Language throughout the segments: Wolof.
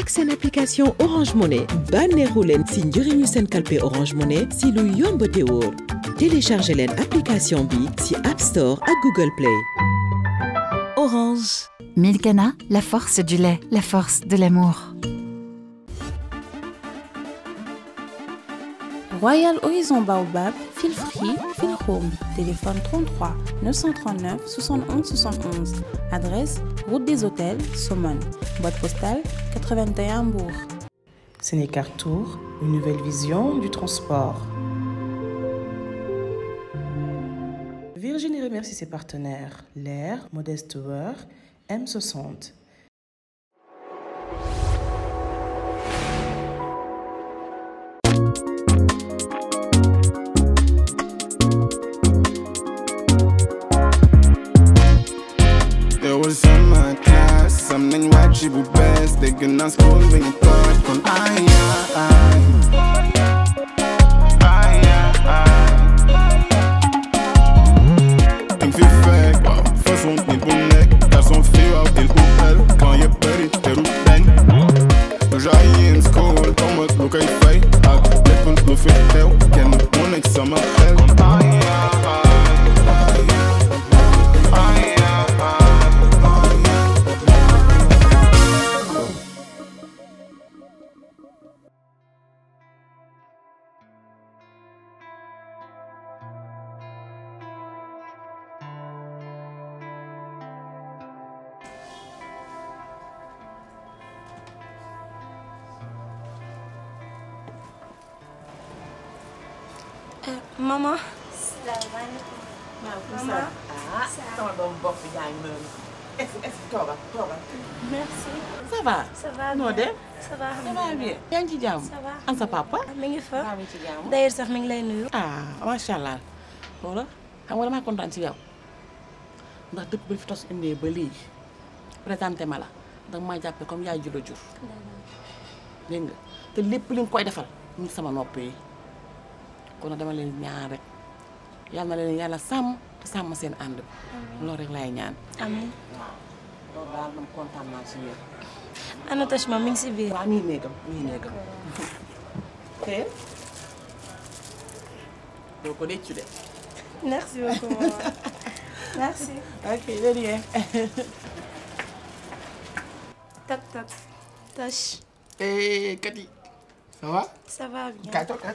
Accès application Orange Money Banne roulen si njëriñu kalpe Orange Money si lu yon te téléchargez l'application si App Store à Google Play. Orange. Milkana, la force du lait, la force de l'amour. Royal Horizon Baobab, feel free, home. Téléphone 33 939 71 71. Adresse Route des Hôtels, Saumon. Boîte postale 81 Bourg. Sénécar Tour, une nouvelle vision du transport. Virginie remercie ses partenaires, l'Air, Modeste Tower, M60. She be best, They ben aan school, ben je thuis, van ai, ai, maman. salaamaaleykum. maaleykum salaam ah noo dem. ça va yaa ngi ci jàmm. ça sa papa. mi sax mi ngi lay nuyu. ah macha allah loolu xam nga damaa kontaan ci yow ndax dëkk bi fi tos indee ba léegi présenté ma la danga maa jàppee comme yaay ju la jur. te lépp li nga koy defal mu sama nopp yi. kon dama leen ñaan rek yalla na leen yàlla sàmm te sàmm seen ànd loolu rek laay ñaan. amiin waaw loolu daal man kontaan naa si yéen. ana Tachma mi ngi si biir. waaw mi ngi néegam mi ngi néegam te eh? doo ko déccu de. merci beaucoup maman merci. ok de rien. tak tak Tach. eh Kati ça va. ça va bien kaay toog kaay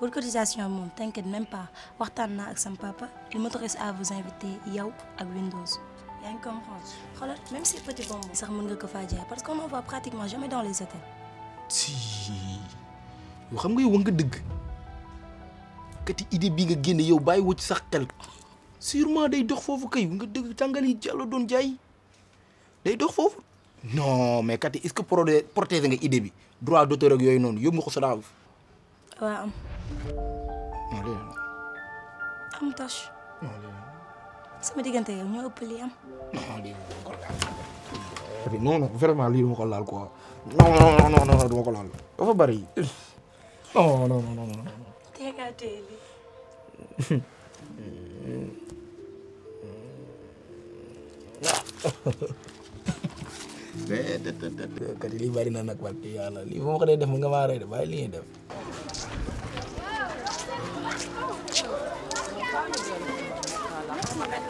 pour cotisation moom t'inquiète même pas waxtaan naa ak sam papa il m'autorise à vous inviter yow ak Windows yaa ngi comprendre xoolal même si petit bonbon sax mën nga ko faa parce qu'on en voit pratiquement jamais dans les hôtels. si yoo xam nga yow nga dëgg kati idée bi nga génne yow bàyyi wu ci sax xel sûrement day dox fofu kay nga deug tangali yi jàll jay jaay day dox fofu non mais kati est-ce que protéger nga idée bi droit d'auteur ak yoy non yóbbu ko sa waaw non lii la. am tâche. non lii la. sama diggante yow ñoo ëpp lii am. non lii duma ko laal. non non vraiment lii duma ko laal quoi non non non non duma ko laal dafa bari non non non non. tey ka tey lii. déedéet déet déet. kati lii bari na nag barke yàlla lii bu ma ko dee def nga maa rey de bàyyi li ñuy def.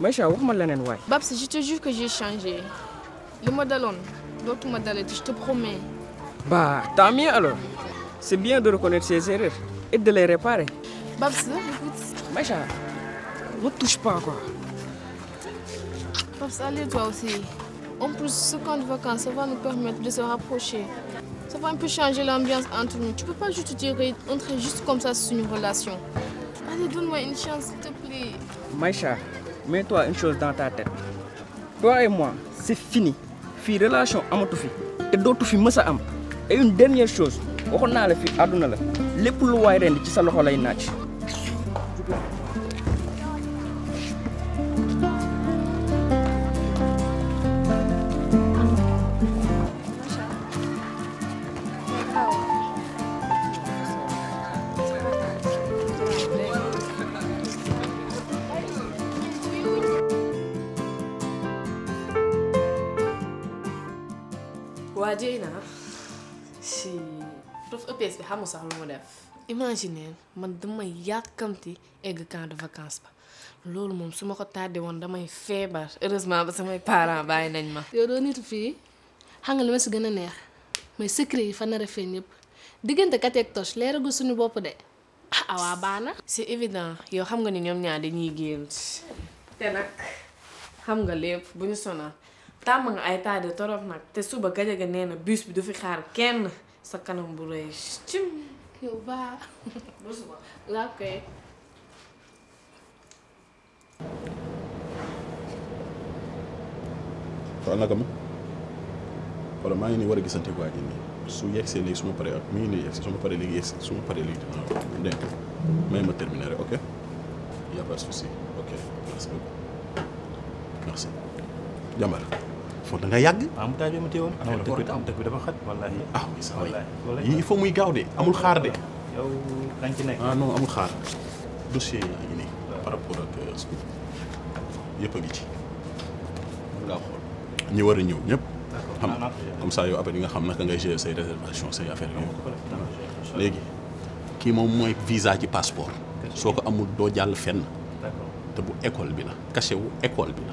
Maïcha wax Babs je te jure que j'ai changé Le modèle, le dootuma je te promets. Bah tant mieux alors c'est bien de reconnaître ses erreurs et de les réparer. Babs écoute. Maïcha ne touche pas quoi. Babs allez toi aussi en plus ce camp de vacances ça va nous permettre de se rapprocher. Ça va un peu changer l'ambiance entre nous. Tu peux pas juste dire entrer juste comme ça sur une relation. Allez, donne-moi une chance, s'il te plaît. Maïcha, mets-toi une chose dans ta tête toi et moi c'est fini fii relation amatu fi Et tout fi moi ça et une dernière chose on a la prof EPS bi xamul sax lu mu def. imaginer man dama yàkkamti egg camp de vacances ba loolu moom su ma ko tardé woon damay feebar heureusement ba samay parent bàyyi nañ ma. yow doo nitu fii xam nga li si gën a neex mais secret yi fa nar diggante kat ak suñu bopp de ah, ah waa baana. c'est nga ni ñoom ñaar dañuy gént te nag xam nga lépp bu ñu sonal tàmm nga ay tardé torop nag te suba gajaga nee na bus bi du fi xaar kenn. Sekarang Eu vá. Lá o laki. to Allah gamu wala ma ni wara gisante ini. ajini su yexé légui suma paré mi ni yexé suma paré légui yexé suma ini, légui dina denk may ma terminer OK ya a pas de OK merci jambar foofu da yàgg. waaw ah, mu taal bi ma téye woon. muy gaaw de amul xaar de. yow dañ ci nekk. Ah, amul xaar dossier yi euh, yëpp a ngi ci. ñi war a ñëw ñëpp. xam ah, comme ça yow après di nga xam naka ngay say réservation say affaire yooyu. léegi kii moom mooy visa ci passeport. soo ko amul doo jàll fenn. te bu école bi la cachet wu école bi la.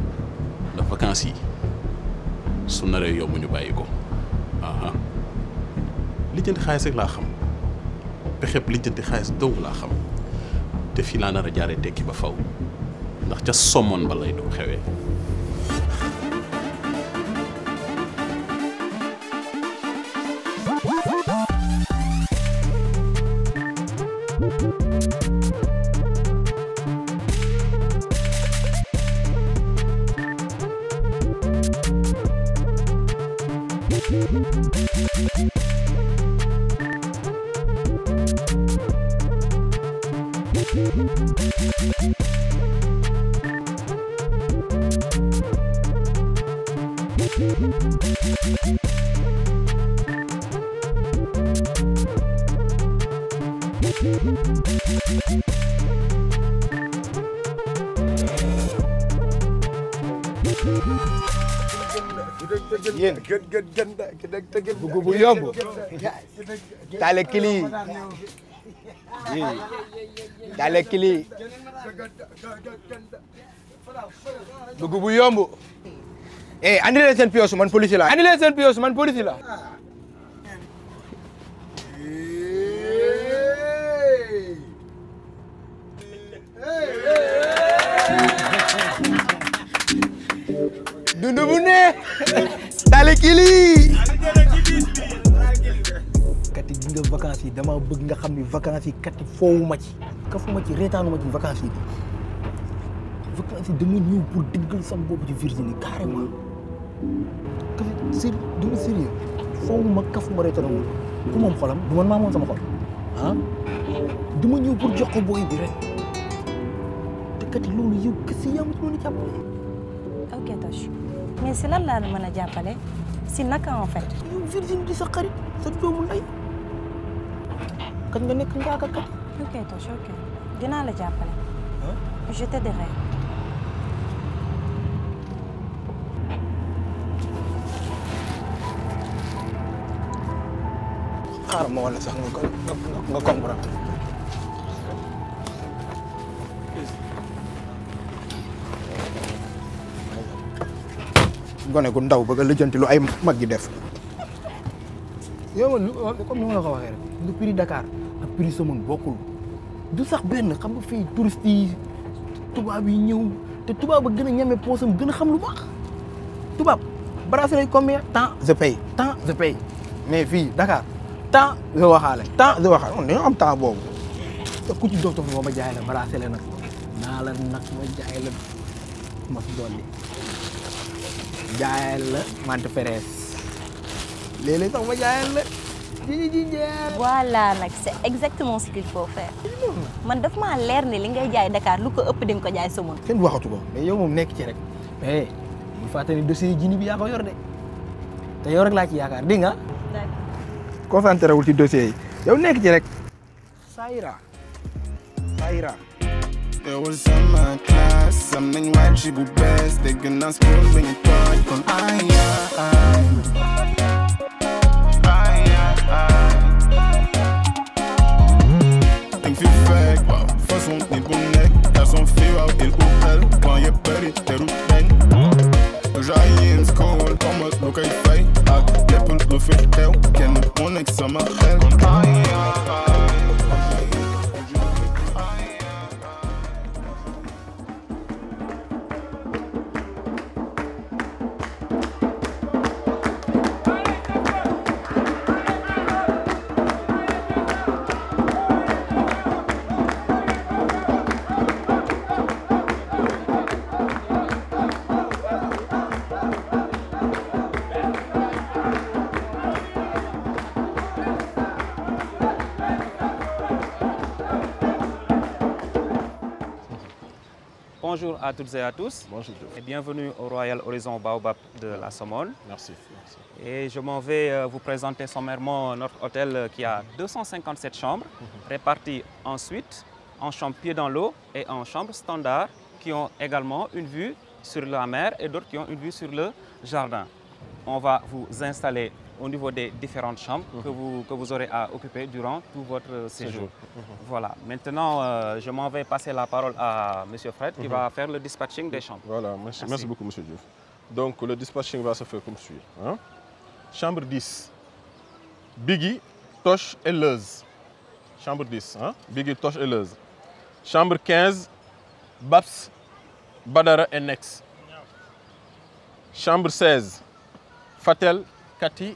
ndax yi su naree yomb ñu bàyyi ko aha lijjanti xaalis rek laa xam pexeb lijjanti xaalis dow laa xam te fii naa nar a jaaree tekki ba faw ndax ca somon ba lay doon xewee yéen bu yomb taale kili taale bu yomb eh andi leen seen man polisi la andi leen seen man polisi la bëgg nga xam ni vacances yi kat ma ci kafuma ci reetaanuma ci vacances yi bi vacances yi dama ñëw pour dëggal sama bopp ci Virginie carrément kaf sér dama sérieux foowuma kafuma reetaanuma ku moom xolam du man maa moom sama xol ah dama ñëw pour jox ko booy bi rek te kat loolu yow kese yaa ma ci mën a jàppale ok Toch mais si lan laa mën a jàppale si naka en fait yow Virginie di sa xarit sa doomu lay kañ nga nekk njaaga. ok Toch dinaa la jàppale. xaaral ma wala sax nga nga gone gu ndaw ba ga lijjanti lu ay mag yi def. yow man comme ni ma la ko waxee rek lu prix sa mën bokkul du sax benn xam nga fii touriste yi tubaab yi ñëw te tubaab bu gën a ñeme poosam gën a xam lu baax tubaab bracelet combien temps je paye temps je paye mais fii Dakar temps je waxaale temps je waxaale on dañoo am temps boobu te ku ci dof dof ma jaay la bracelet nag naa la nag ma jaay la ma fi dolli jaayal la mante ferees léeg sax ma jaayal la voilà nak c'est exactement ce qu'il faut faire man daf ma leer ni li ngay jaay Dakar lu ko ëpp di ko jaay Somone kenn waxatu ko mais yow mom nekk ci rek mais bu faté ni dossier jini bi ya ko yor de té yow rek la ci yaakar dégg nga concentré wul ci dossier yi yow nekk ci rek Saira Saira There was in class, something white she would best. They can ask when you talk come I, yeah, à toutes et à tous. Bonjour. Et bienvenue au Royal Horizon Baobab de la Somone. Merci. Et je m'en vais euh, vous présenter sommairement notre hôtel euh, qui a 257 mhm. chambres, mhm. réparties ensuite en chambre pieds dans l'eau et en chambres standard, qui ont également une vue sur la mer et d'autres qui ont une vue sur le jardin. On va vous installer au niveau des différentes chambres que, mhm. vous, que vous aurez à occuper durant tout votre séjour. Mhm. Mhm. Voilà. Maintenant, euh, je m'en vais passer la parole à Monsieur Fred qui va faire le dispatching des chambres. Voilà, merci, beaucoup Monsieur Diouf. Donc le dispatching va se faire comme suit. Hein. Chambre 10, Biggie, Toche et Leuze. Chambre 10, hein. Biggie, Toche et Leuze. Chambre 15, Baps, Badara et Nex. Chambre 16, Fatel, Cathy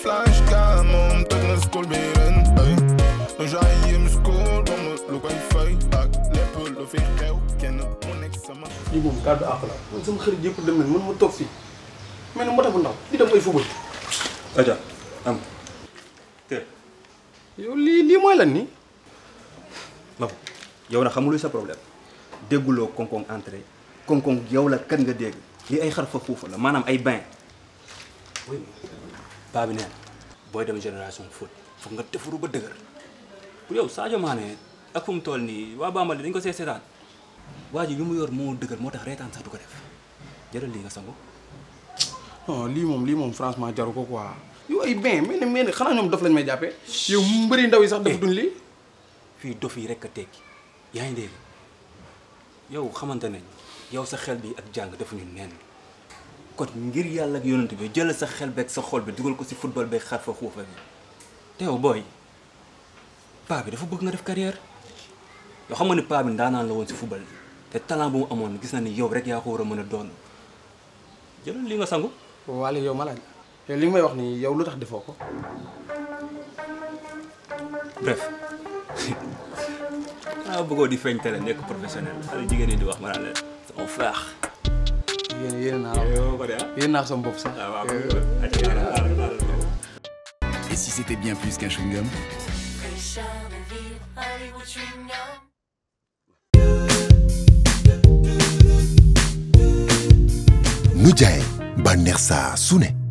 flashcam teg na school bi ren ay nu jaayim school ba lu koy fay ak lu fi xew kenn mu nekk sama lii moom kàddu àq la man sama xarit yëpp dem nañ man ma toog fii mel ni moo tax bu ndaw di dem am te yow lii lii mooy lan yow na xamul sa problème dégguloo konkon entrée konkon yow la kat ga dégg li ay xar fa xuufa la maanaam ay bain Babi bi neen dem generation foot fo nga defuru ba dëgër pour yow Sadio Mané akum tol ni wa nii waa Bambali dañ ko see seetaan waa mu yor mo dëgër motax rétan sax du ko def jëral li nga sangu oh li mom li mom franchement jaru ko quoi yow ay bien mais ne mais ne xanaa dof lañ may jappé yow mbëri ndaw yi sax def duñ li eh, fi dof yi rek tekki yow yow sa xel bi ak jàng ñu nenn kon ngir yàlla ak yonent bi jëlal sa xel beeg sa xol bi dugal ko si football beeg xar fa xuufa bi te yow booy paa bi dafa bëgg nga def carrière yoo xam nga ne paa bi ndaanaan la woon si football bi te talent bu mu amoon gis na ni yow rek yaa ko war a mën a doon jëlal li nga sangu. waaw yow ma laaj yow li may wax nii yow lu tax defoo ko. bref ah bëggoo di feeñ tele nekk professionnel xale jigéen ñi di wax ma naan la sama frère. Et si c'était bien plus qu'un chewing-gum? Ndiaye bànneex sa soune.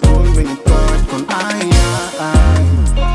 dance cool when you touch on I, I, I.